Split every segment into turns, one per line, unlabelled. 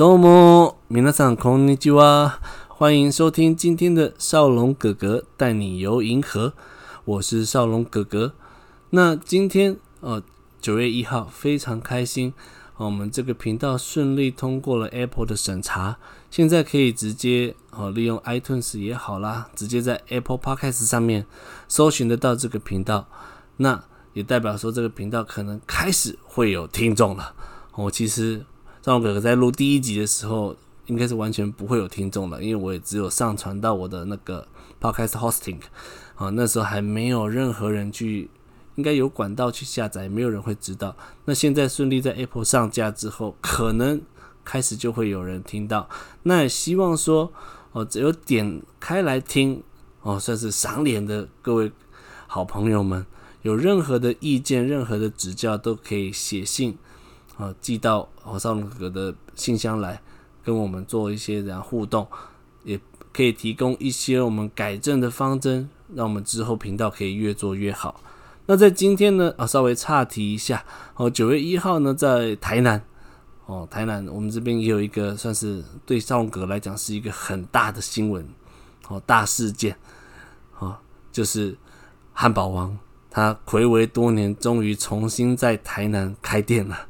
どうも、皆さん、こんにちは。歡迎收聽今天的少龍哥哥帶你遊銀河。我是少龍哥哥。那今天呃九月一號，非常開心、呃，我們這個頻道順利通過了 Apple 的審查，現在可以直接哦、呃、利用 iTunes 也好啦，直接在 Apple Podcast 上面搜尋得到這個頻道。那也代表說這個頻道可能開始會有聽眾了。我、呃、其實。少龍葛格在錄第一集的時候，應該是完全不會有聽眾的，因為我也只有上傳到我的那個 Podcast Hosting 啊，那時候還沒有任何人去，應該有管道去下載，沒有人會知道。那現在順利在 Apple 上架之後，可能開始就會有人聽到。那也希望說哦，只有點開來聽哦，算是賞臉的各位好朋友們，有任何的意見、任何的指教，都可以寫信。啊，寄到我，哦、少龍葛格的信箱來，跟我們做一些這互動，也可以提供一些我們改正的方針，讓我們之後頻道可以越做越好。那在今天呢，啊，稍微岔題一下，哦，九月一號呢，在台南，哦，台南我們這邊也有一個算是對少龍葛格來講是一個很大的新聞，哦，大事件，哦，就是漢堡王，他睽違多年，終於重新在台南開店了。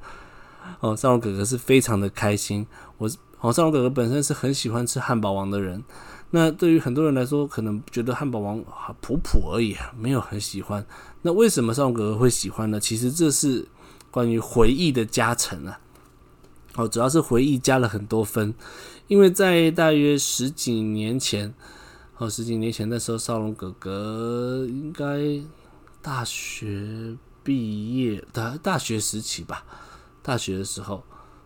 哦，少龍哥哥是非常的開心。我是哦，少龍哥哥本身是很喜歡吃漢堡王的人。那對於很多人來說，可能覺得漢堡王，啊，普普而已啊，沒有很喜歡。那為什麼少龍哥哥會喜歡呢？其實這是關於回憶的加成啊。哦，主要是回憶加了很多分，因為在大約十幾年前，哦，十幾年前那時候少龍哥哥應該大學畢業的大學時期吧。大學的時候，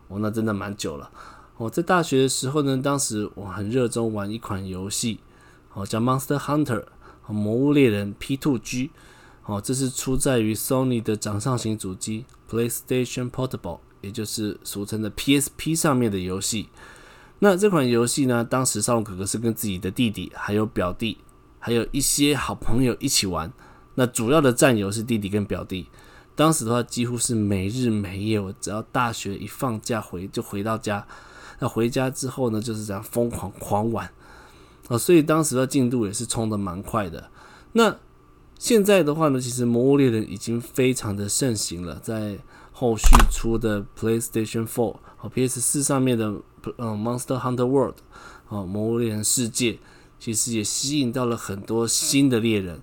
哦，那真的蠻久了。我、哦、在大學的時候呢，當時我很熱衷玩一款遊戲，哦，叫 Monster Hunter，哦《Monster Hunter》和魔物獵人 P2G》，哦，這是出在於 Sony 的掌上型主機 PlayStation Portable，也就是俗稱的 PSP 上面的遊戲。那這款遊戲呢，當時少龍哥哥是跟自己的弟弟、還有表弟，還有一些好朋友一起玩。那主要的戰友是弟弟跟表弟。當時的話，幾乎是沒日沒夜，我只要大學一放假回就回到家。那回家之後呢，就是這樣瘋狂狂玩啊、哦，所以當時的進度也是衝的蠻快的。那現在的話呢，其實《魔物獵人》已經非常的盛行了，在後續出的 PlayStation Four 和 PS 四上面的嗯，《Monster Hunter World》啊，《魔物獵人世界》，其實也吸引到了很多新的獵人。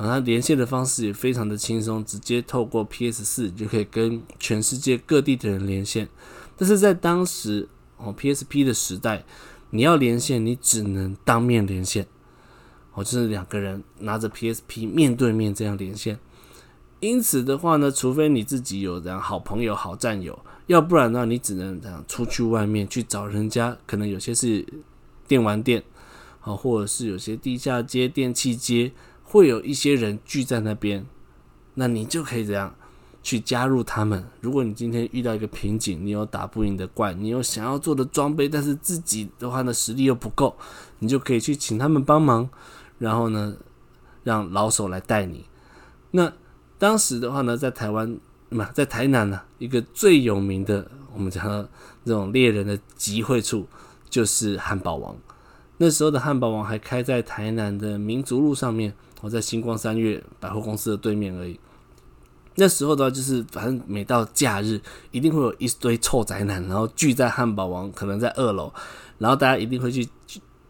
啊，哦、它連線的方式也非常的輕鬆，直接透過 PS4 就可以跟全世界各地的人連線。但是在當時哦，PSP 的時代，你要連線，你只能當面連線，哦，就是兩個人拿着 PSP 面對面這樣連線。因此的話呢，除非你自己有這樣好朋友、好戰友，要不然呢，你只能這樣出去外面去找人家，可能有些是電玩店，啊、哦，或者是有些地下街、電器街。會有一些人聚在那邊，那你就可以這樣去加入他們。如果你今天遇到一個瓶頸，你有打不贏的怪，你有想要做的裝備，但是自己的話呢，實力又不夠，你就可以去請他們幫忙，然後呢，讓老手來帶你。那當時的話呢，在台灣，嘛，在台南呢，啊，一個最有名的我們講那種獵人的集會處就是漢堡王。那時候的漢堡王還開在台南的民族路上面。我在星光三月百貨公司的對面而已。那時候的話，就是反正每到假日，一定會有一堆臭宅男，然後聚在漢堡王，可能在二樓，然後大家一定會去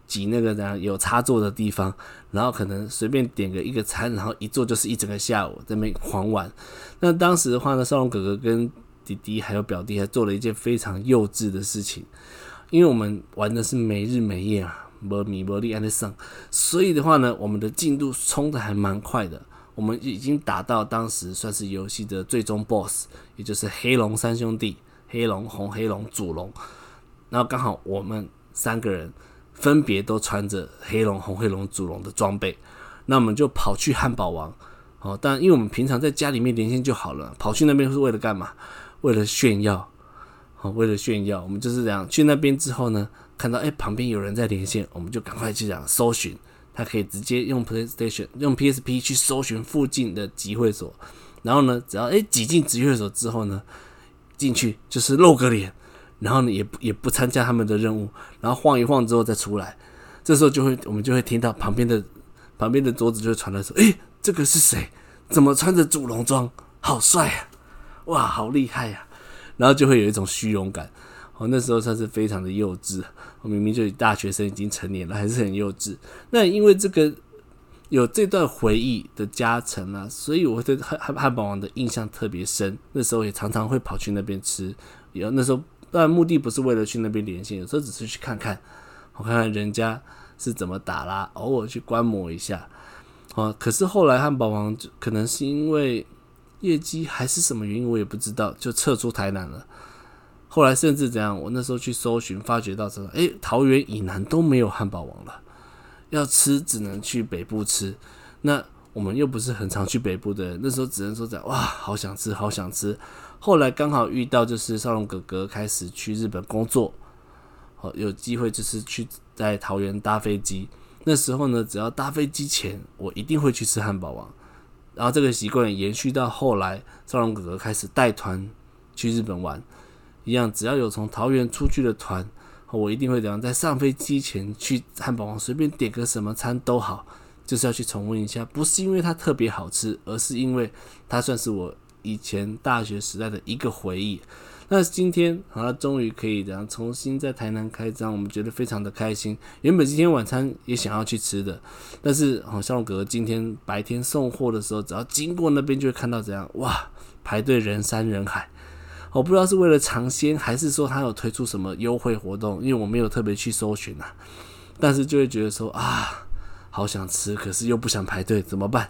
擠那個，然後有插座的地方，然後可能隨便點個一個餐，然後一坐就是一整個下午在那邊狂玩。那當時的話呢，少龍哥哥跟弟弟還有表弟還做了一件非常幼稚的事情，因為我們玩的是沒日沒夜啊。摩米利安德森，所以的話呢，我們的進度衝得還蠻快的。我們已經打到當時算是遊戲的最終 BOSS，也就是黑龍三兄弟——黑龍、紅黑龍、祖龍。然後剛好我們三個人分別都穿着黑龍、紅黑龍、祖龍的裝備，那我們就跑去漢堡王。哦，但因為我們平常在家裡面連線就好了，跑去那邊是為了幹嘛？為了炫耀，好、哦，為了炫耀。我們就是這樣去那邊之後呢？看到哎、欸，旁邊有人在連線，我們就趕快去講搜尋。他可以直接用 PlayStation，用 PSP 去搜尋附近的集會所。然後呢，只要哎擠進集會所之後呢，進去就是露個臉，然後呢也也不參加他們的任務，然後晃一晃之後再出來。這時候就會我們就會聽到旁邊的旁邊的桌子就會傳來說：“誒、欸，這個是誰？怎麼穿着祖龍裝？好帥啊！哇，好厲害呀、啊！”然後就會有一種虛榮感。哦，那時候算是非常的幼稚。我明明就以大學生已經成年了，還是很幼稚。那因為這個有這段回憶的加成啊，所以我對漢漢堡王的印象特別深。那時候也常常會跑去那邊吃，有那時候但目的不是為了去那邊連線，有時候只是去看看，我看看人家是怎麼打啦，偶爾去觀摩一下。哦、啊，可是後來漢堡王就可能是因為業績還是什麼原因，我也不知道，就撤出台南了。後來甚至怎樣？我那時候去搜尋，發覺到說，誒，桃園以南都沒有漢堡王了，要吃只能去北部吃。那我們又不是很常去北部的人，那時候只能說在哇，好想吃，好想吃。後來剛好遇到就是少龍葛格開始去日本工作，好，有機會就是去在桃園搭飛機。那時候呢，只要搭飛機前，我一定會去吃漢堡王。然後這個習慣延續到後來，少龍葛格開始帶團去日本玩。一樣，只要有從桃園出去的團，我一定會怎樣，在上飛機前去漢堡王隨便點個什麼餐都好，就是要去重溫一下。不是因為它特別好吃，而是因為它算是我以前大學時代的一個回憶。那今天好，終於可以這樣重新在台南開張，我們覺得非常的開心。原本今天晚餐也想要去吃的，但是好，少龍葛格今天白天送貨的時候，只要經過那邊就會看到怎樣，哇，排隊人山人海。我不知道是為了嘗鮮，還是說他有推出什麼優惠活動，因為我沒有特別去搜尋啊。但是就會覺得說啊，好想吃，可是又不想排隊，怎麼辦？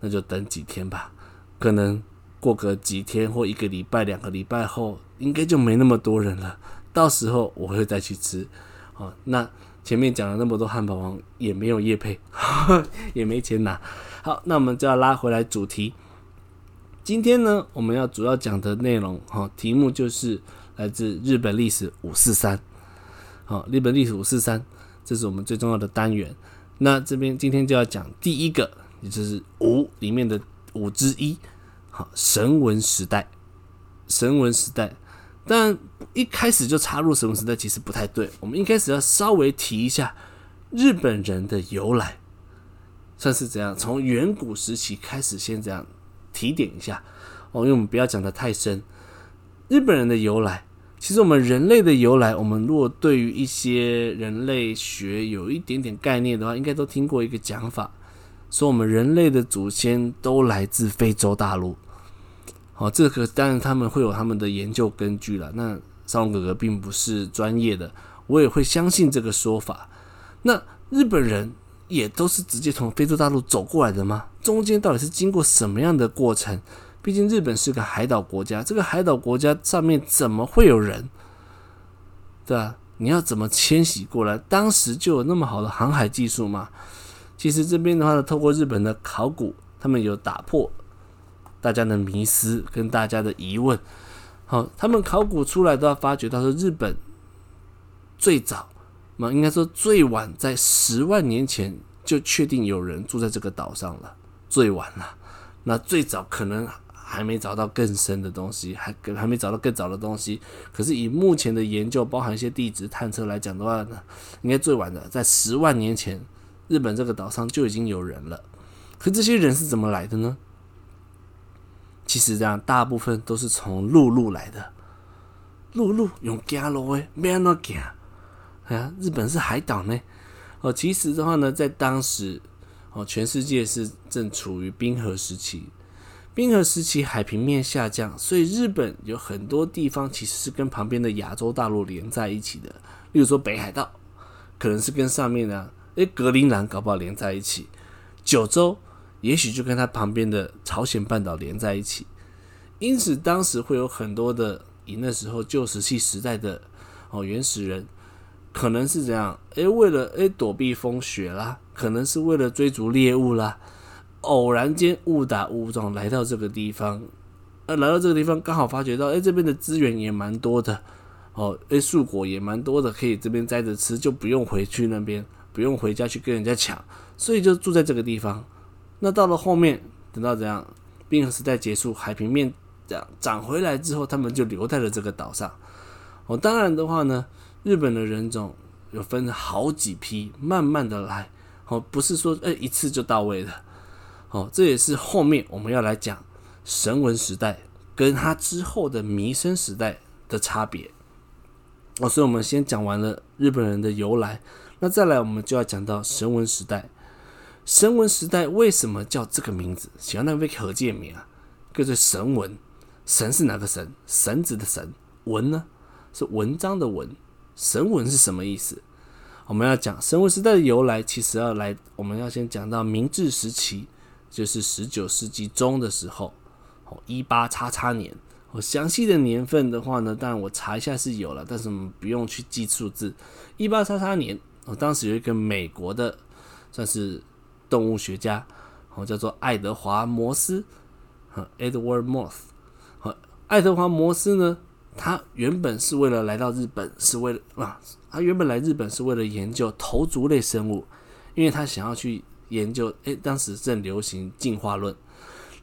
那就等幾天吧。可能過個幾天或一個禮拜、兩個禮拜後，應該就沒那麼多人了。到時候我會再去吃。好、哦，那前面講了那麼多漢堡王，也沒有業配，呵呵，也沒錢拿。好，那我們就要拉回來主題。今天呢，我們要主要講的內容，哈，題目就是來自日本歷史五四三，好，日本歷史五四三，這是我們最重要的單元。那這邊今天就要講第一個，也就是五裡面的五之一，好，繩文時代，繩文時代。但一開始就插入繩文時代，其實不太對。我們一開始要稍微提一下日本人的由來，算是怎樣？從遠古時期開始，先這樣。提點一下哦，因為我們不要講的太深。日本人的由來，其實我們人類的由來，我們如果對於一些人類學有一點點概念的話，應該都聽過一個講法，說我們人類的祖先都來自非洲大陸。好、哦，這個當然他們會有他們的研究根據了。那少龍葛格並不是專業的，我也會相信這個說法。那日本人。也都是直接從非洲大陸走過來的嗎？中間到底是經過什麼樣的過程？畢竟日本是個海島國家，這個海島國家上面怎麼會有人？對吧、啊？你要怎麼遷徙過來？當時就有那麼好的航海技術嗎？其實這邊的話呢，透過日本的考古，他們有打破大家的迷思跟大家的疑問。好，他們考古出來都要發覺，他說日本最早，那應該說最晚在十萬年前就確定有人住在這個島上了，最晚了。那最早可能還沒找到更深的東西，還還沒找到更早的東西。可是以目前的研究，包含一些地質探測來講的話呢，應該最晚的在十萬年前，日本這個島上就已經有人了。可這些人是怎麼來的呢？其實這樣，大部分都是從陸路來的。陸路用走路誒，免囉行。啊，日本是海島呢。哦，其實的話呢，在當時，哦，全世界是正處於冰河時期。冰河時期海平面下降，所以日本有很多地方其實是跟旁邊的亞洲大陸連在一起的。例如說北海道，可能是跟上面的，哎、欸，格陵蘭搞不好連在一起。九州也許就跟它旁邊的朝鮮半島連在一起。因此，當時會有很多的以那時候舊石器時代的哦原始人。可能是這樣？誒、欸，為了誒、欸、躲避風雪啦，可能是為了追逐獵物啦，偶然間誤打誤撞來到這個地方，呃、啊，來到這個地方剛好發覺到，誒、欸，這邊的資源也蠻多的，哦，誒、欸，樹果也蠻多的，可以這邊摘着吃，就不用回去那邊，不用回家去跟人家搶，所以就住在這個地方。那到了後面，等到怎樣，冰河時代結束，海平面漲漲回來之後，他們就留在了這個島上。哦，當然的話呢。日本的人種有分成好幾批，慢慢的來，哦，不是說哎、欸、一次就到位的，哦，這也是後面我們要來講繩文時代跟他之後的彌生時代的差別，哦，所以我們先講完了日本人的由來，那再來我們就要講到繩文時代。繩文時代為什麼叫這個名字？喜歡那位何建明啊，叫做繩文，繩是哪個繩？繩子的繩，文呢？是文章的文。繩文是什麼意思？我們要講繩文時代的由來，其實要來，我們要先講到明治時期，就是十九世紀中的時候，哦，一八叉叉年。我詳細的年份的話呢，當然我查一下是有了，但是我們不用去記數字。一八叉叉年，我當時有一個美國的算是動物學家，哦，叫做愛德華摩斯，呵，Edward Morse, 愛德華摩斯呢？他原本是為了來到日本，是為了啊，他原本來日本是為了研究頭足類生物，因為他想要去研究，哎、欸，當時正流行進化論，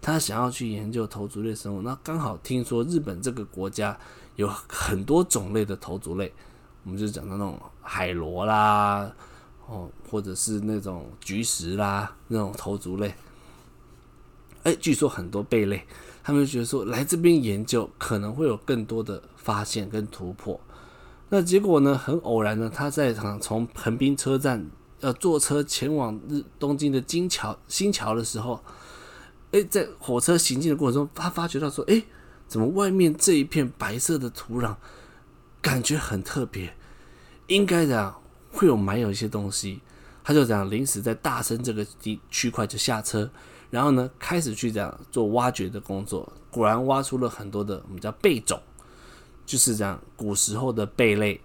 他想要去研究頭足類生物，那剛好聽說日本這個國家有很多種類的頭足類，我們就講到那種海螺啦，哦，或者是那種菊石啦，那種頭足類，哎、欸，據說很多貝類。他們就覺得說，來這邊研究可能會有更多的發現跟突破。那結果呢，很偶然呢，他在場從橫濱車站呃坐車前往日東京的金橋新橋的時候，哎，在火車行進的過程中，他發覺到說，哎，怎麼外面這一片白色的土壤感覺很特別，應該的會有埋有一些東西。他就這樣臨時在大森這個地區塊就下車。然後呢，開始去這樣做挖掘的工作，果然挖出了很多的我們叫貝塚，就是這樣古時候的貝類，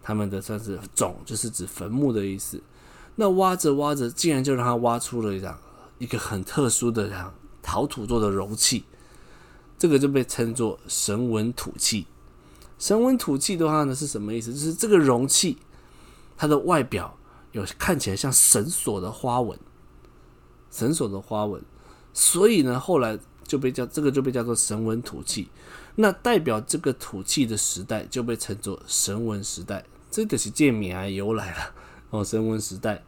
他們的算是塚，就是指墳墓的意思。那挖着挖着，竟然就讓他挖出了一樣一個很特殊的這樣陶土做的容器，這個就被稱作繩文土器。繩文土器的話呢，是什麼意思？就是這個容器，它的外表有看起來像繩索的花紋。繩索的花紋，所以呢，後來就被叫，這個就被叫做繩紋土器，那代表這個土器的時代就被稱作繩紋時代。這個是建名啊由來了哦，繩紋時代。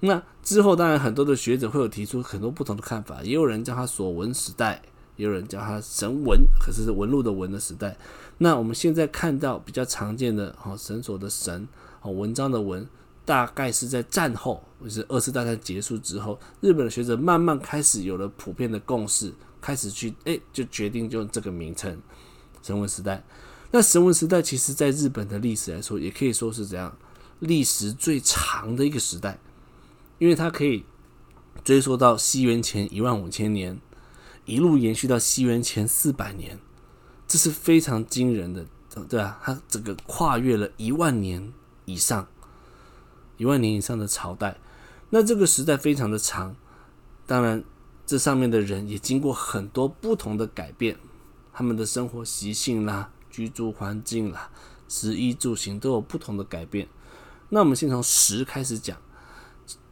那之後，當然很多的學者會有提出很多不同的看法，也有人叫它索文時代，也有人叫它繩紋，可是紋路的紋的時代。那我們現在看到比較常見的，好、哦、繩索的繩，好、哦、文章的文。大概是在戰後，就是二次大戰結束之後，日本的學者慢慢開始有了普遍的共識，開始去哎、欸，就決定用這個名稱繩文時代。那繩文時代其實，在日本的歷史來說，也可以說是怎樣歷史最長的一個時代，因為它可以追溯到西元前一萬五千年，一路延續到西元前四百年，這是非常驚人的，對吧、啊？它整個跨越了一萬年以上。一萬年以上的朝代，那這個時代非常的長，當然，這上面的人也經過很多不同的改變，他們的生活習性啦、居住環境啦、食衣住行都有不同的改變。那我們先從食開始講，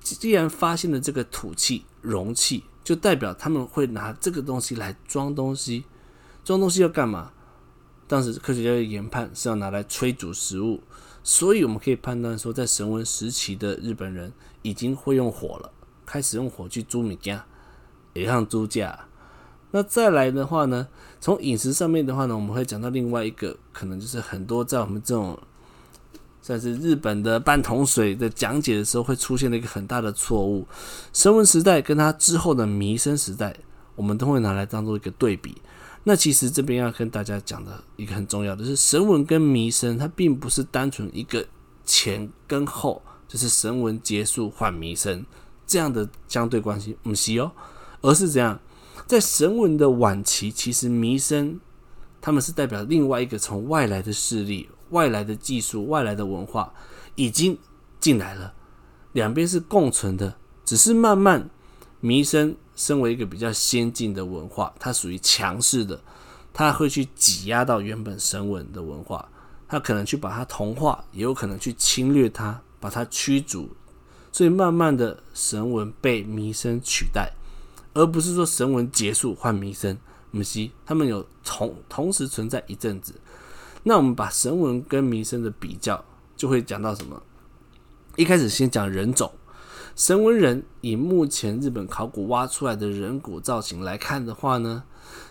既然發現了這個土器容器，就代表他們會拿這個東西來裝東西，裝東西要幹嘛？當時科學家的研判是要拿來炊煮食物。所以我們可以判斷說，在繩文時期的日本人已經會用火了，開始用火去煮米醬、也像豬價。那再來的話呢，從飲食上面的話呢，我們會講到另外一個可能，就是很多在我們這種算是日本的半桶水的講解的時候，會出現了一個很大的錯誤。繩文時代跟它之後的彌生時代，我們都會拿來當做一個對比。那其實這邊要跟大家講的一個很重要的，是繩文跟彌生，它並不是單純一個前跟後，就是繩文結束換彌生這樣的相對關係，唔係哦，而是這樣，在繩文的晚期，其實彌生他們是代表另外一個從外來的勢力、外來的技術、外來的文化已經進來了，兩邊是共存的，只是慢慢彌生。身為一個比較先進的文化，它屬於強勢的，它會去擠壓到原本繩文的文化，它可能去把它同化，也有可能去侵略它，把它驅逐，所以慢慢的繩文被彌生取代，而不是說繩文結束換彌生，我們西他們有同同時存在一陣子，那我們把繩文跟彌生的比較，就會講到什麼，一開始先講人種。繩文人以目前日本考古挖出來的人骨造型來看的話呢，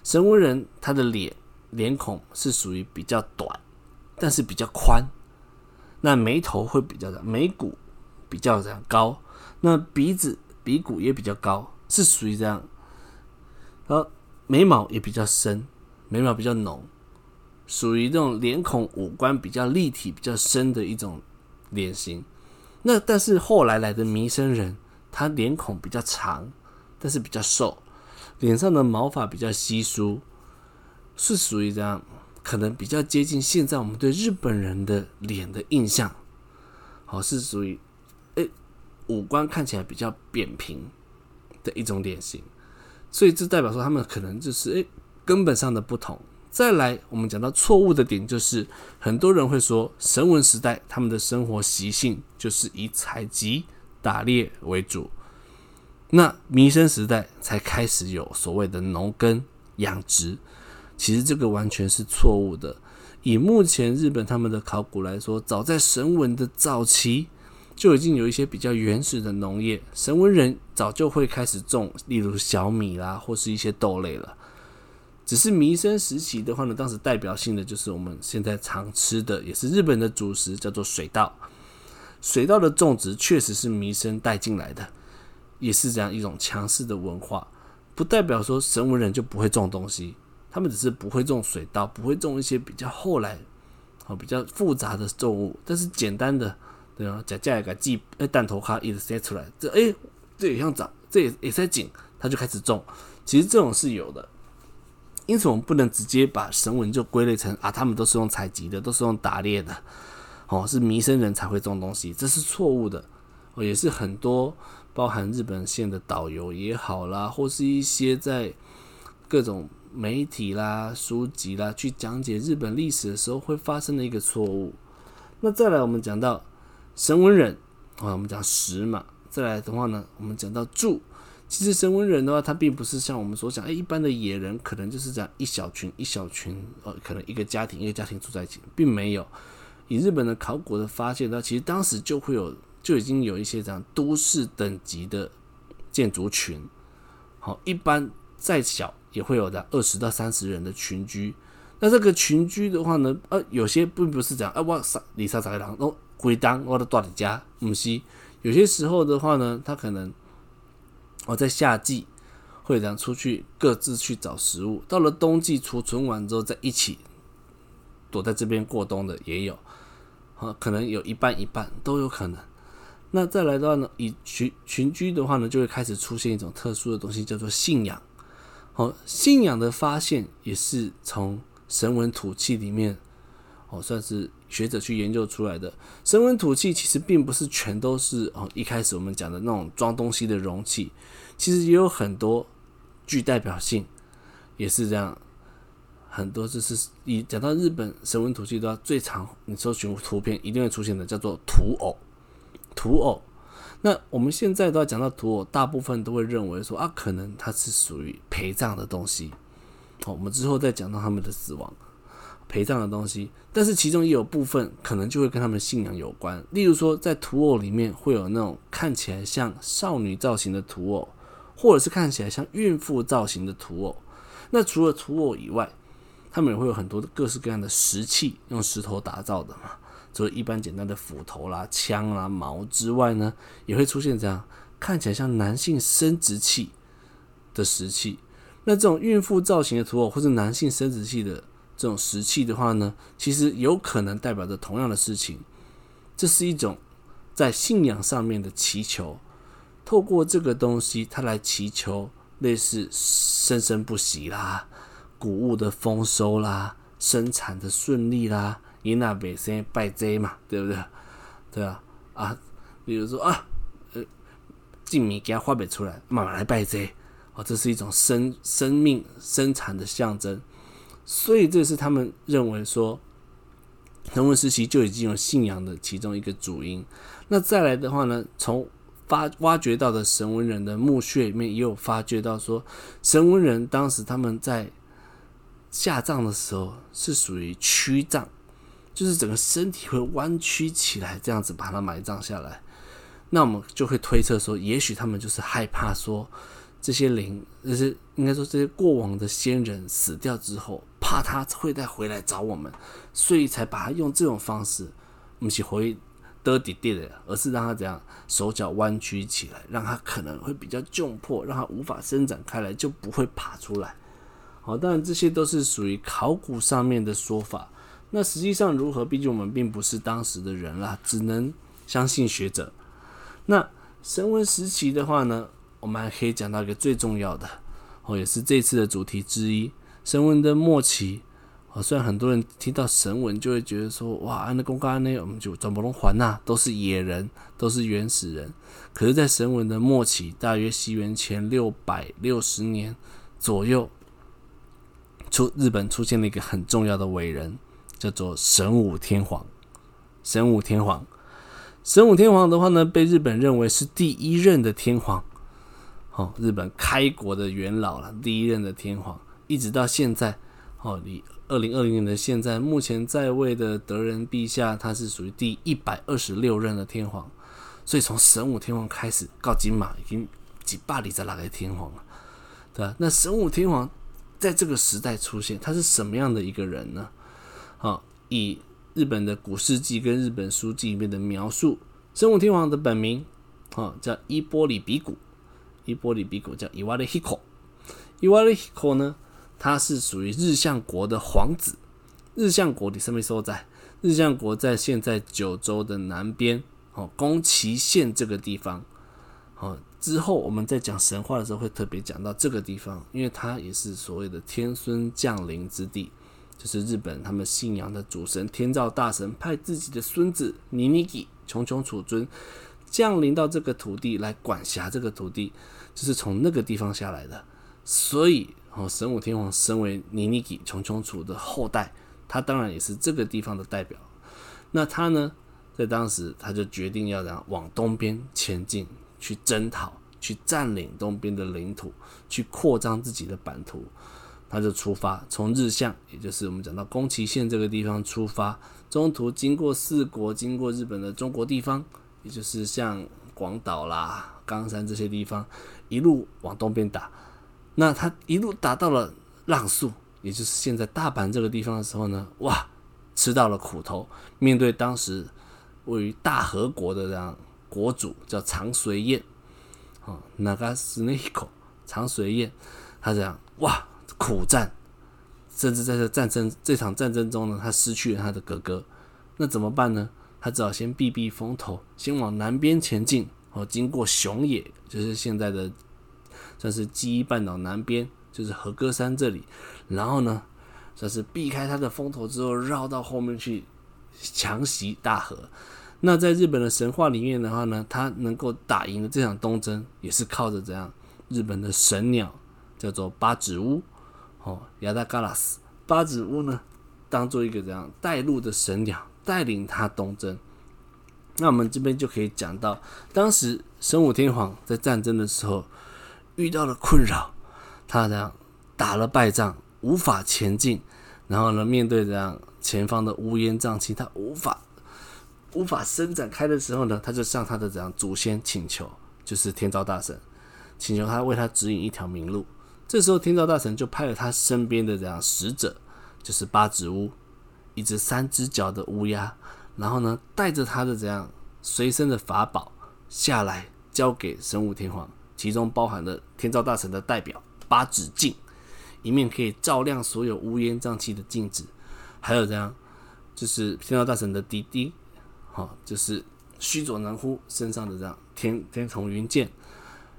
繩文人他的臉臉孔是屬於比較短，但是比較寬，那眉頭會比較這樣，眉骨比較這樣高，那鼻子鼻骨也比較高，是屬於這樣，然後眉毛也比較深，眉毛比較濃，屬於這種臉孔五官比較立體、比較深的一種臉型。那但是後來來的彌生人，他臉孔比較長，但是比較瘦，臉上的毛髮比較稀疏，是屬於這樣，可能比較接近現在我們對日本人的臉的印象，哦，是屬於，哎、欸，五官看起來比較扁平的一種臉型，所以這代表說他們可能就是哎、欸、根本上的不同。再來，我們講到錯誤的點，就是很多人會說繩文時代他們的生活習性就是以採集、打獵為主，那彌生時代才開始有所謂的農耕、養殖，其實這個完全是錯誤的。以目前日本他們的考古來說，早在繩文的早期就已經有一些比較原始的農業，繩文人早就會開始種，例如小米啦，或是一些豆類了。只是彌生時期的話呢，當時代表性的就是我們現在常吃的，也是日本的主食，叫做水稻。水稻的種植確實是彌生帶進來的，也是這樣一種強勢的文化。不代表說繩文人就不會種東西，他們只是不會種水稻，不會種一些比較後來啊比較複雜的作物。但是簡單的，對啊，假假一個記，哎彈頭卡一直塞出來，這哎這也像長，這也這也塞緊，他就開始種。其實這種是有的。因此，我們不能直接把繩文就歸類成啊，他們都是用採集的，都是用打獵的，哦，是彌生人才會種東西，這是錯誤的，哦，也是很多包含日本線的導遊也好啦，或是一些在各種媒體啦、書籍啦去講解日本歷史的時候會發生的一個錯誤。那再來，我們講到繩文人，啊、哦，我們講石嘛。再來的話呢，我們講到柱。其實繩文人的話，他並不是像我們所講，哎，一般的野人可能就是這樣一小群一小群，呃、哦，可能一個家庭一個家庭住在一起，並沒有。以日本的考古的發現，呢，其實當時就會有，就已經有一些這樣都市等級的建築群。好、哦，一般再小也會有的二十到三十人的群居。那這個群居的話呢，呃、啊，有些並不是這樣，啊，哇，三里沙長廊，哦，鬼當，哇，大李家，唔西，有些時候的話呢，他可能。哦，在夏季會有出去各自去找食物，到了冬季儲存完之後再一起躲在這邊過冬的也有，啊，可能有一半一半都有可能。那再來的話呢，以群群居的話呢，就會開始出現一種特殊的東西，叫做信仰。好、哦，信仰的發現也是從繩文土器裡面。哦，算是學者去研究出來的繩文土器，其實並不是全都是哦。一開始我們講的那種裝東西的容器，其實也有很多具代表性，也是這樣。很多就是以講到日本繩文土器的話，最常你搜尋圖片一定會出現的，叫做土偶。土偶，那我們現在都要講到土偶，大部分都會認為說啊，可能它是屬於陪葬的東西。好，我們之後再講到他們的死亡。陪葬的東西，但是其中也有部分可能就會跟他們信仰有關。例如說，在土偶裡面會有那種看起來像少女造型的土偶，或者是看起來像孕婦造型的土偶。那除了土偶以外，他們也會有很多各式各樣的石器，用石頭打造的嘛。所以一般簡單的斧頭啦、槍啦、矛之外呢，也會出現這樣看起來像男性生殖器的石器。那這種孕婦造型的土偶或是男性生殖器的。這種石器的話呢，其實有可能代表着同樣的事情，這是一種在信仰上面的祈求，透過這個東西，它來祈求類似生生不息啦、穀物的豐收啦、生產的順利啦，因為那本身拜祭嘛，對不對？對啊，啊，比如說啊，呃，米給件發不出來，慢慢來拜祭，啊、哦，這是一種生生命生產的象徵。所以這是他們認為說，繩文時期就已經有信仰的其中一個主因。那再來的話呢，從發挖掘到的繩文人的墓穴裡面，也有發掘到說，繩文人當時他們在下葬的時候是屬於屈葬，就是整個身體會彎曲起來，這樣子把它埋葬下來。那我們就會推測說，也許他們就是害怕說這些靈，就是應該說這些過往的先人死掉之後。怕他會再回來找我們，所以才把他用這種方式，不是回的地地的，而是讓他怎樣手腳彎曲起來，讓他可能會比較窘迫，讓他無法伸展開來，就不會爬出來。好、哦，當然這些都是屬於考古上面的說法。那實際上如何？畢竟我們並不是當時的人啦，只能相信學者。那繩文時期的話呢，我們還可以講到一個最重要的，哦，也是這次的主題之一。神繩文的末期，啊，雖然很多人聽到繩文就會覺得說，哇，安那公伽安我們就轉不龍還吶、啊，都是野人，都是原始人。可是，在繩文的末期，大約西元前六百六十年左右，出日本出現了一個很重要的偉人，叫做神武天皇。神武天皇，神武天皇的話呢，被日本認為是第一任的天皇，好、哦，日本開國的元老了，第一任的天皇。一直到現在，哦，離二零二零年的現在，目前在位的德仁陛下，他是屬於第一百二十六任的天皇，所以從神武天皇開始，到金馬已經幾百里在拉開天皇了，對吧？那神武天皇在這個時代出現，他是什麼樣的一個人呢？好，以日本的古事記跟日本書紀裡面的描述，神武天皇的本名，啊，叫伊波里比古，伊波里比古叫伊瓦雷希可，伊瓦雷希可呢？他是屬於日向國的皇子，日向國你什麼時候在？日向國在現在九州的南邊，哦，宮崎縣這個地方。哦，之後我們在講神話的時候會特別講到這個地方，因為它也是所謂的天孫降臨之地，就是日本他們信仰的主神天照大神派自己的孫子尼尼基瓊瓊杵尊降臨到這個土地來管轄這個土地，就是從那個地方下來的，所以。然後、哦、神武天皇身為尼尼基瓊瓊杵的後代，他當然也是這個地方的代表。那他呢，在當時他就決定要讓往東邊前進，去征討、去占領東邊的領土，去擴張自己的版圖。他就出發，從日向，也就是我們講到宮崎縣這個地方出發，中途經過四國，經過日本的中國地方，也就是像廣島啦、岡山這些地方，一路往東邊打。那他一路打到了浪速，也就是現在大阪這個地方的時候呢，哇，吃到了苦頭。面對當時位於大和國的這樣國主叫長隨彥，哦、長隨彥，啊，那個是那個長隨彥，他這樣哇，苦戰，甚至在這戰爭這場戰爭中呢，他失去了他的哥哥。那怎麼辦呢？他只好先避避風頭，先往南邊前進，哦，經過熊野，就是現在的。算是紀伊半島南邊，就是和歌山這裡。然後呢，算是避開他的風頭之後，繞到後面去強襲大和。那在日本的神話裡面的話呢，他能夠打贏這場東征，也是靠着怎樣日本的神鳥叫做八咫烏哦，亞達嘎拉斯八咫烏呢，當做一個怎樣帶路的神鳥，帶領他東征。那我們這邊就可以講到，當時神武天皇在戰爭的時候。遇到了困擾，他這樣打了敗仗，無法前進，然後呢，面對這樣前方的烏煙瘴氣，他無法無法伸展開的時候呢，他就向他的這樣祖先請求，就是天照大神，請求他為他指引一條明路。這時候，天照大神就派了他身邊的這樣使者，就是八咫烏，一隻三隻腳的烏鴉，然後呢，帶着他的這樣隨身的法寶下來，交給神武天皇。其中包含了天照大神的代表八咫鏡，一面可以照亮所有烏煙瘴氣的鏡子，還有這樣就是天照大神的弟弟，好、哦、就是須佐能乎身上的這樣天天叢雲劍，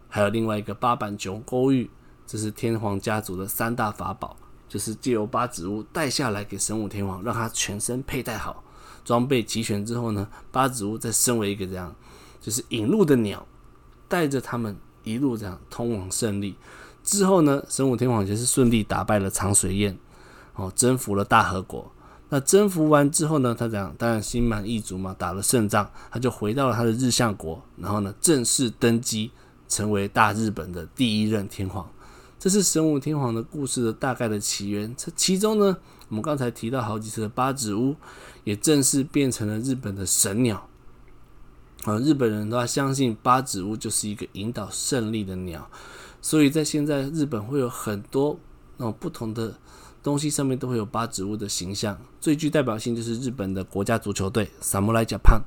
還有另外一個八尺瓊勾玉，這是天皇家族的三大法寶，就是借由八咫烏帶下來給神武天皇，讓他全身佩戴好裝備齊全之後呢，八咫烏再身為一個這樣就是引路的鳥，帶着他們。一路這樣通往勝利，之後呢，神武天皇也是順利打敗了長髓彥，哦，征服了大和國。那征服完之後呢，他這樣當然心滿意足嘛，打了勝仗，他就回到了他的日向國，然後呢，正式登基成為大日本的第一任天皇。這是神武天皇的故事的大概的起源。這其中呢，我們剛才提到好幾次的八咫烏，也正式變成了日本的神鳥。啊，日本人的話相信八咫烏就是一個引導勝利的鳥，所以在現在日本會有很多那種不同的東西上面都會有八咫烏的形象。最具代表性就是日本的國家足球隊 Samurai Japan，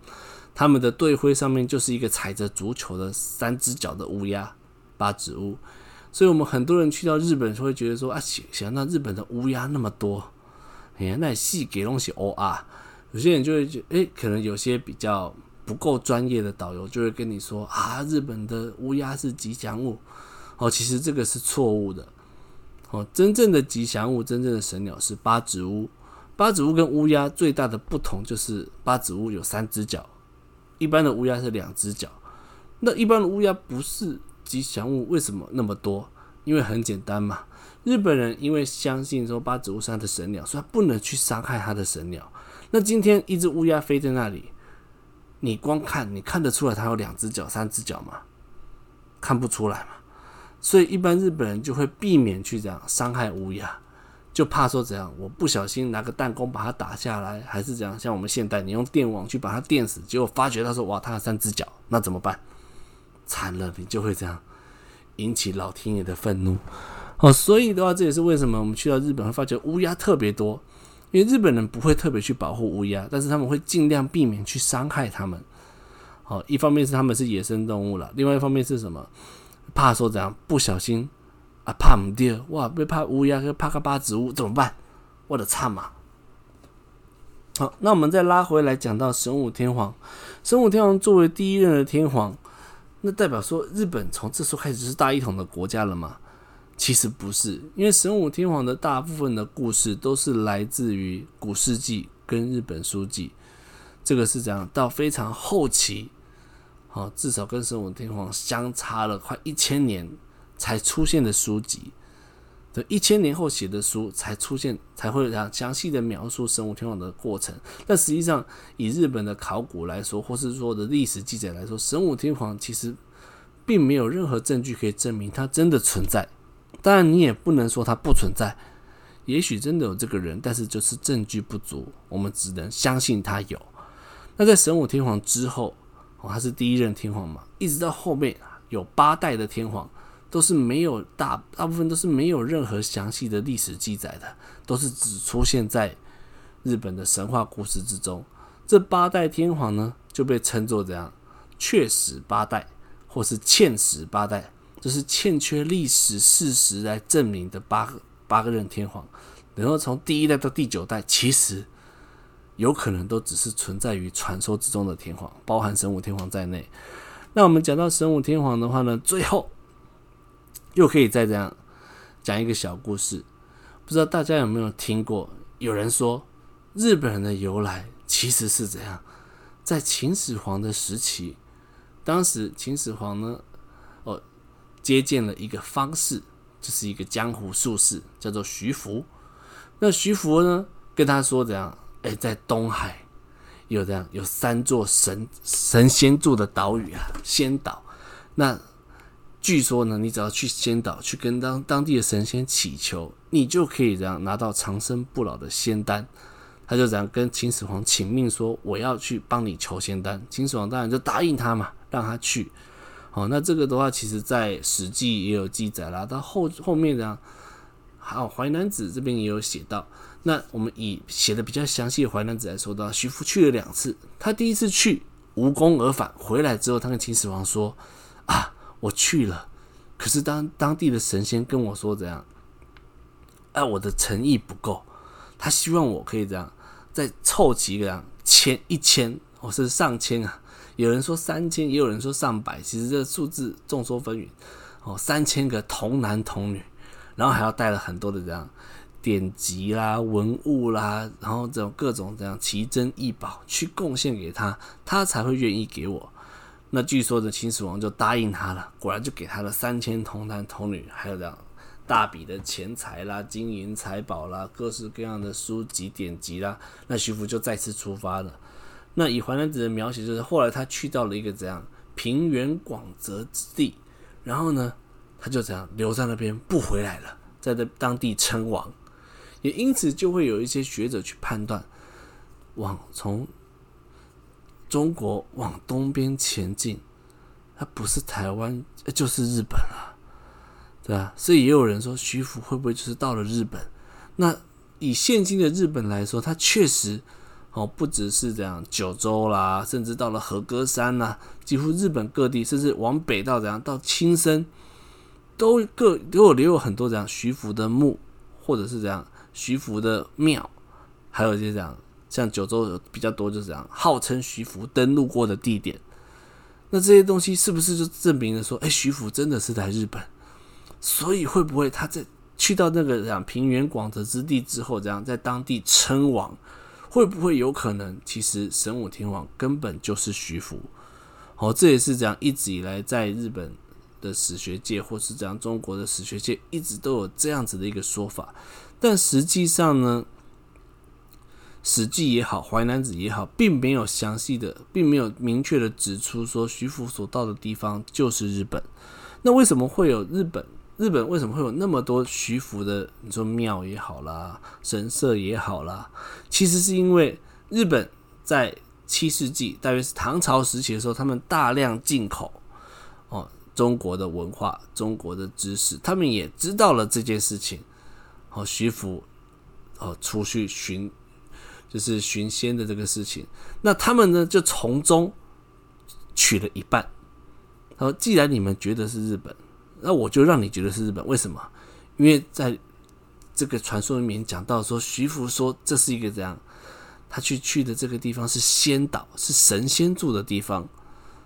他們的隊徽上面就是一個踩着足球的三只腳的烏鴉八咫烏。所以，我們很多人去到日本就會覺得說啊，想那日本的烏鴉那麼多，誒，那細給東西哦啊。有些人就會覺得，欸、可能有些比較。不夠專業的導遊就會跟你說啊，日本的烏鴉是吉祥物，哦，其實這個是錯誤的，哦，真正的吉祥物，真正的神鳥是八咫烏。八咫烏跟烏鴉最大的不同就是八咫烏有三隻腳，一般的烏鴉是兩隻腳。那一般的烏鴉不是吉祥物，為什麼那麼多？因為很簡單嘛，日本人因為相信說八咫烏是他的神鳥，所以他不能去傷害他的神鳥。那今天一隻烏鴉飛在那裡。你光看，你看得出來它有兩隻腳、三隻腳嗎？看不出來嘛。所以一般日本人就會避免去這樣傷害烏鴉，就怕說怎樣我不小心拿個彈弓把它打下來，還是這樣。像我們現代，你用電網去把它電死，結果發覺他說哇，它有三隻腳，那怎麼辦？慘了，你就會這樣引起老天爺的憤怒。哦，所以的話，這也是為什麼我們去到日本會發覺烏鴉特別多。因為日本人不會特別去保護烏鴉，但是他們會儘量避免去傷害他們。好、哦，一方面是他們是野生動物了，另外一方面是什麼？怕說怎樣不小心啊，怕我們丟，哇，被怕烏鴉跟怕個巴子烏怎麼辦？我的差嘛！好，那我們再拉回來講到神武天皇。神武天皇作為第一任的天皇，那代表說日本從這時候開始是大一統的國家了嘛。其實不是，因為神武天皇的大部分的故事都是來自於古事記跟日本書紀，這個是講到非常後期，好，至少跟神武天皇相差了快一千年才出現的書籍，這一千年後寫的書才出現，才會這樣詳細的描述神武天皇的過程。但實際上，以日本的考古來說，或是說的歷史記載來說，神武天皇其實並沒有任何證據可以證明他真的存在。當然，你也不能說他不存在，也許真的有這個人，但是就是證據不足，我們只能相信他有。那在神武天皇之後，我、哦、他是第一任天皇嘛，一直到後面有八代的天皇，都是沒有大大部分都是沒有任何詳細的歷史記載的，都是只出現在日本的神話故事之中。這八代天皇呢，就被稱作怎樣？缺史八代，或是欠史八代。這是欠缺歷史事實來證明的八個八個人天皇，然後從第一代到第九代，其實有可能都只是存在於傳說之中的天皇，包含神武天皇在內。那我們講到神武天皇的話呢，最後又可以再這樣講一個小故事，不知道大家有沒有聽過？有人說，日本人的由來其實是這樣，在秦始皇的時期，當時秦始皇呢。接見了一個方士，就是一個江湖術士，叫做徐福。那徐福呢，跟他說怎樣，誒、欸，在東海有這樣有三座神神仙住的島嶼啊，仙島。那據說呢，你只要去仙島，去跟當當地的神仙祈求，你就可以這樣拿到長生不老的仙丹。他就這樣跟秦始皇請命說，我要去幫你求仙丹。秦始皇當然就答應他嘛，讓他去。哦，那這個的話，其實在《史記》也有記載啦。到後後面這樣，還有，哦《淮南子》這邊也有寫到。那我們以寫的比較詳細的《淮南子》來說到，徐福去了兩次。他第一次去無功而返，回來之後，他跟秦始皇說：“啊，我去了，可是當當地的神仙跟我說，怎樣？哎、啊，我的誠意不夠，他希望我可以這樣，再湊集這樣千一千或是上千啊。”有人說三千，也有人說上百，其實這數字眾說紛紜。哦，三千個童男童女，然後還要帶了很多的這樣典籍啦、文物啦，然後這種各種這樣奇珍異寶去貢獻給他，他才會願意給我。那據說的秦始皇就答應他了，果然就給他了三千童男童女，還有這樣大筆的錢財啦、金銀財寶啦、各式各樣的書籍典籍啦。那徐福就再次出發了。那以淮南子的描寫，就是後來他去到了一個怎樣平原廣澤之地，然後呢，他就這樣留在那邊不回來了，在這當地稱王，也因此就會有一些學者去判斷，往從中國往東邊前進，他不是台灣就是日本啊，對啊。所以也有人說徐福會不會就是到了日本？那以現今的日本來說，他確實。哦，不只是這樣九州啦，甚至到了和歌山啦，幾乎日本各地，甚至往北到這樣到青森，都各都有留有很多這樣徐福的墓，或者是這樣徐福的廟，還有一些這樣像九州有比較多，就是這樣號稱徐福登陸過的地點。那這些東西是不是就證明了說，哎、欸，徐福真的是在日本？所以會不會他在去到那個這樣平原廣澤之地之後，這樣在當地稱王？會不會有可能，其實神武天皇根本就是徐福？哦，這也是講一直以來在日本的史學界，或是講中國的史學界，一直都有這樣子的一個說法。但實際上呢，《史記》也好，《淮南子》也好，並沒有詳細的，並沒有明確的指出說徐福所到的地方就是日本。那為什麼會有日本？日本為什麼會有那麼多徐福的？你說廟也好啦，神社也好啦，其實是因為日本在七世紀，大約是唐朝時期的時候，他們大量進口哦中國的文化、中國的知識，他們也知道了這件事情。哦，徐福哦出去尋，就是尋仙的這個事情。那他們呢，就從中取了一半。他說：“既然你們覺得是日本。”那我就讓你覺得是日本，為什麼？因為在這個傳說裡面講到說，徐福說這是一個怎樣，他去去的這個地方是仙島，是神仙住的地方，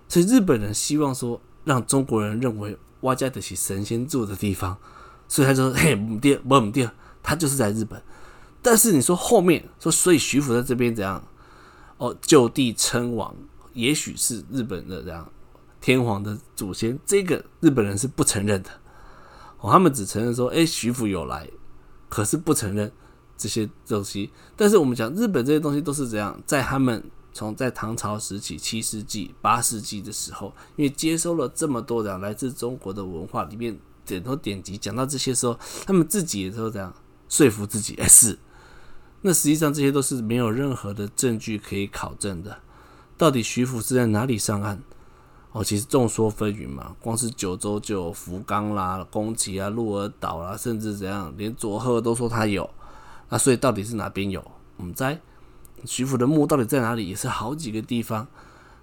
所以日本人希望說讓中國人認為挖家的，是神仙住的地方，所以他說：“嘿，姆爹，不是爹，他就是在日本。”但是你說後面說，所以徐福在這邊怎樣？哦，就地稱王，也許是日本的這樣。天皇的祖先，這個日本人是不承認的。哦，他們只承認說，哎，徐福有來，可是不承認這些東西。但是我們講，日本這些東西都是怎樣？在他們從在唐朝時期，七世紀、八世紀的時候，因為接收了這麼多的來自中國的文化裡面，點頭典籍講到這些時候，他們自己也都這樣說服自己，哎是。那實際上，這些都是沒有任何的證據可以考證的。到底徐福是在哪裡上岸？哦，其實眾說紛紜嘛，光是九州就有福岡啦、宮崎啊、鹿兒島啦、啊，甚至怎樣，連佐賀都說他有。那、啊、所以到底是哪邊有？我們在徐福的墓到底在哪裡也是好幾個地方。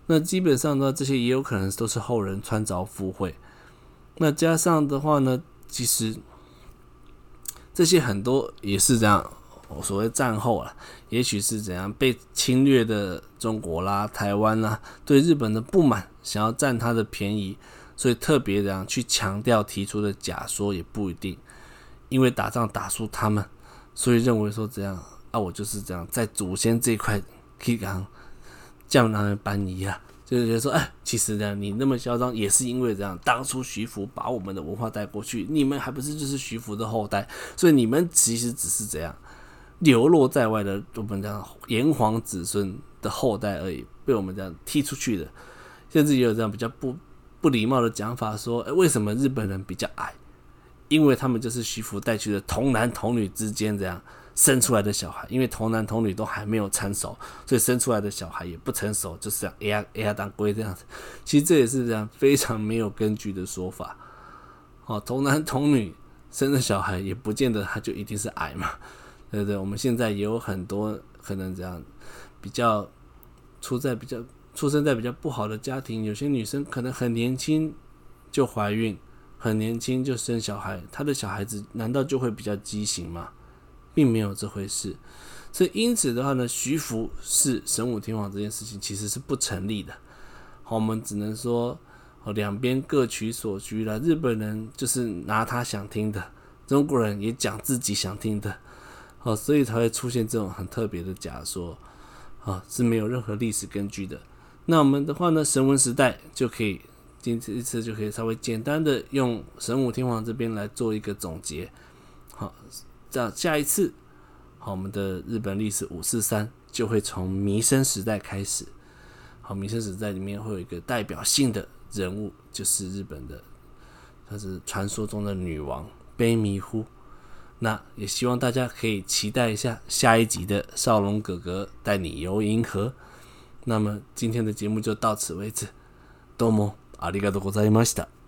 那基本上呢，這些也有可能都是後人穿鑿附會。那加上的話呢，其實這些很多也是這樣。所謂戰後啊，也許是怎樣被侵略的中國啦、啊、台灣啦、啊，對日本的不滿，想要占他的便宜，所以特別的去強調提出的假說也不一定，因為打仗打輸他們，所以認為說怎樣，啊，我就是這樣在祖先這塊可以講將他們搬移啊，就是覺得說，哎、欸，其實這樣你那麼囂張，也是因為這樣，當初徐福把我們的文化帶過去，你們還不是就是徐福的後代，所以你們其實只是這樣。流落在外的，我們這樣炎黃子孫的後代而已，被我們這樣踢出去的，甚至也有這樣比較不不禮貌的講法說，說、欸、為什麼日本人比較矮？因為他們就是徐福帶去的童男童女之間這樣生出來的小孩，因為童男童女都還沒有成熟，所以生出來的小孩也不成熟，就是這樣亞亞當規這樣子。其實這也是這樣非常沒有根據的說法。哦，童男童女生的小孩也不見得他就一定是矮嘛。對對，我們現在也有很多可能這樣，比較出在比較出生在比較不好的家庭，有些女生可能很年輕就懷孕，很年輕就生小孩，她的小孩子難道就會比較畸形嗎？並沒有這回事。所以因此的話呢，徐福是神武天皇這件事情其實是不成立的。好，我們只能說兩邊各取所需了。日本人就是拿他想聽的，中國人也講自己想聽的。哦，所以才會出現這種很特別的假說，啊，是沒有任何歷史根據的。那我們的話呢，繩文時代就可以，今天一次就可以稍微簡單的用神武天皇這邊來做一個總結。好，這樣，下一次，好，我們的日本歷史五四三就會從彌生時代開始。好，彌生時代裡面會有一個代表性的人物，就是日本的，他是傳說中的女王卑彌呼。那也希望大家可以期待一下下一集的少龍葛格帶你遊銀河。那麼今天的節目就到此為止。どうもありがとうございました。